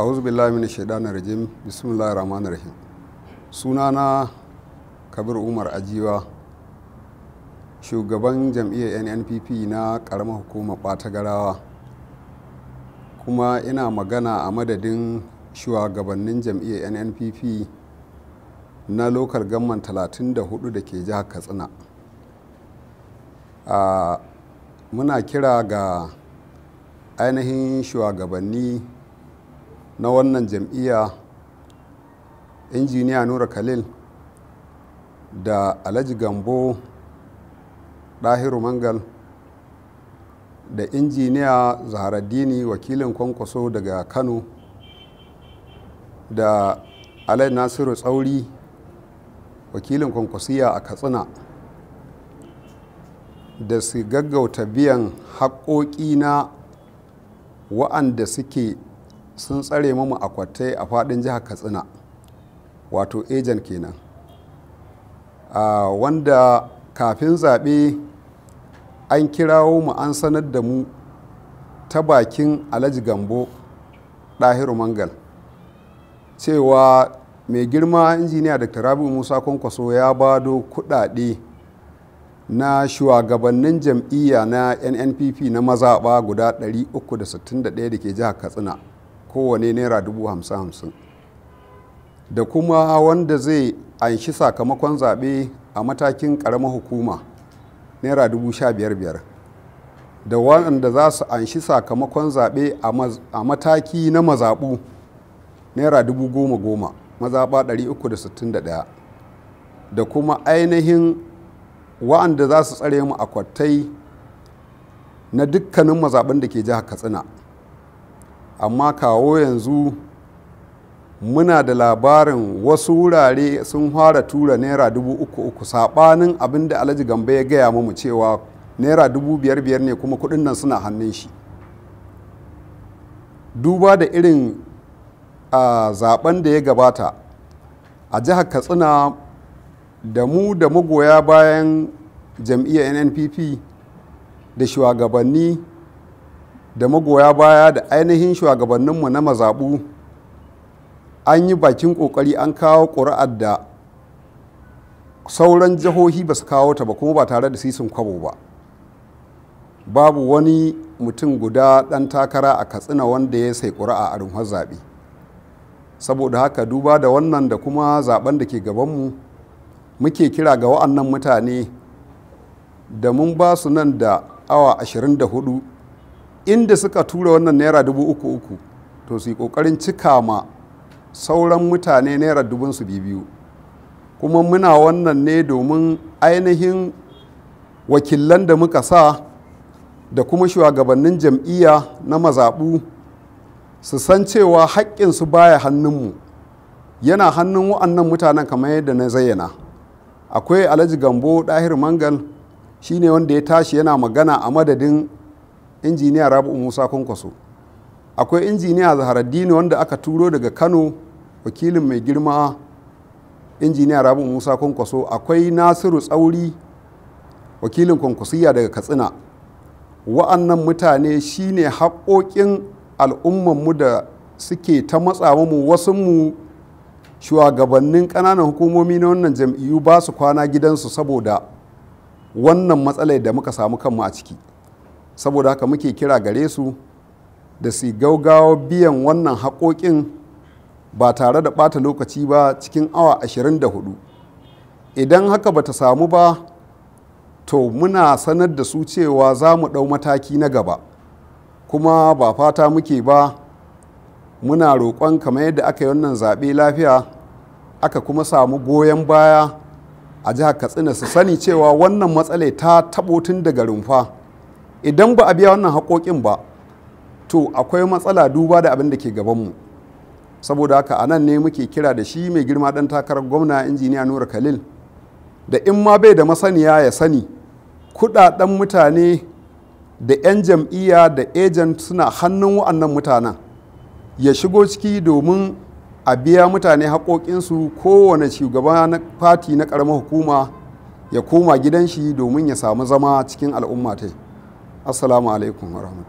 a'udhu billahi minash shaitanir rajim bismillahir rahmanir rahim sunana kabir umar ajiwa shugaban jam'iyyar nnpp na karamar hukumar ɓata garawa kuma ina magana a madadin shugabannin jam'iyyar nnpp na lokal gamman 34 da ke jihar katsina a muna kira ga ainihin shugabanni na wannan jam'iyya injiniya nura khalil da alhaji gambo ɗahiru mangal da injiniya zaharaddini wakilin kwankwaso daga kano da alhaji nasiru tsauri wakilin kwankwasiya a katsina da su gaggauta biyan haƙoƙi na wa'anda suke sun tsare mamu akwatai a fadin jihar katsina wato ejan kenan wanda kafin zaɓe an kirawo mu an sanar da mu ta bakin alhaji gambo ɗahiru mangal cewa mai girma injiniya dr rabi musa kwankwaso ya bado kuɗaɗe na shugabannin jam'iyya na nnpp na mazaɓa guda 361 da ke jihar katsina kowane naira dubu hamsin hamsin da kuma wanda zai anshi sakamakon zaɓe a matakin ƙaramar hukuma naira dubu sha biyar biyar da wanda za su anshi sakamakon zaɓe a mataki na mazaɓu naira dubu goma goma mazaɓa 361 da kuma ainihin wa'anda za su tsare mu akwatai na dukkanin mazaɓin da ke jihar katsina amma kawo yanzu muna da labarin wasu wurare sun fara tura naira dubu uku uku saɓanin abin da alhaji gambe ya gaya mu cewa naira dubu biyar biyar ne kuma kuɗin nan suna hannun shi duba da irin a zaben da ya gabata a jihar katsina da mu da magoya bayan jam'iyyar nnpp da shugabanni da magoya baya da ainihin shugabanninmu na mazaɓu an yi bakin ƙoƙari an kawo ƙuri'ar da sauran jihohi ba su kawo ta ba kuma ba tare da sisin kwabo ba babu wani mutum guda ɗan takara a katsina wanda ya sai ƙuri'a a rumfar zaɓe saboda haka duba da wannan da kuma zaɓen da ke gabanmu muke kira ga wa'annan mutane da mun ba su nan da awa 24 inda suka tura wannan naira dubu uku uku to su yi ƙoƙarin cika ma sauran mutane naira dubun su biyu kuma muna wannan ne domin ainihin wakilan da muka sa da kuma shugabannin jam'iyya na mazaɓu su san cewa haƙƙinsu baya hannunmu yana hannun wa'annan mutanen kamar yadda na zayyana akwai alhaji gambo ɗahir mangal shine wanda ya tashi yana magana a madadin injiniya rabu musa kwankwaso akwai injiniya zaharaddini wanda aka turo daga kano wakilin mai girma injiniya rabu musa kwankwaso akwai nasiru tsauri wakilin kwankwasiya daga katsina wa'annan mutane shine haƙoƙin al'ummanmu da suke ta matsa mu wasu mu shugabannin ƙananan hukumomi na wannan jam'iyyu ba su kwana gidansu saboda wannan matsalar da muka samu kanmu a ciki saboda haka muke kira gare su da su gaugawa biyan wannan haƙoƙin ba tare da ɓata lokaci ba cikin awa 24 idan haka bata samu ba to muna sanar da su cewa za mu ɗau mataki na gaba kuma ba fata muke ba muna roƙon kamar yadda aka yi wannan zaɓe lafiya aka kuma samu goyon baya a jihar katsina su sani cewa wannan matsala ta taɓo tun daga rumfa idan ba a biya wannan haƙoƙin ba to akwai matsala duba da abin da ke gabanmu saboda haka a nan ne muke kira da shi mai girma dan takarar gwamna injiniya nura khalil da in ma bai da masaniya ya sani kuɗaɗen mutane da 'yan jam'iyya da agent suna hannun wa'annan mutanen ya shigo ciki domin a biya mutane haƙoƙinsu kowane shugaba na fati na ƙaramar hukuma ya koma gidan shi domin ya samu zama cikin al'umma ta assalamu alaikum warahmatullahi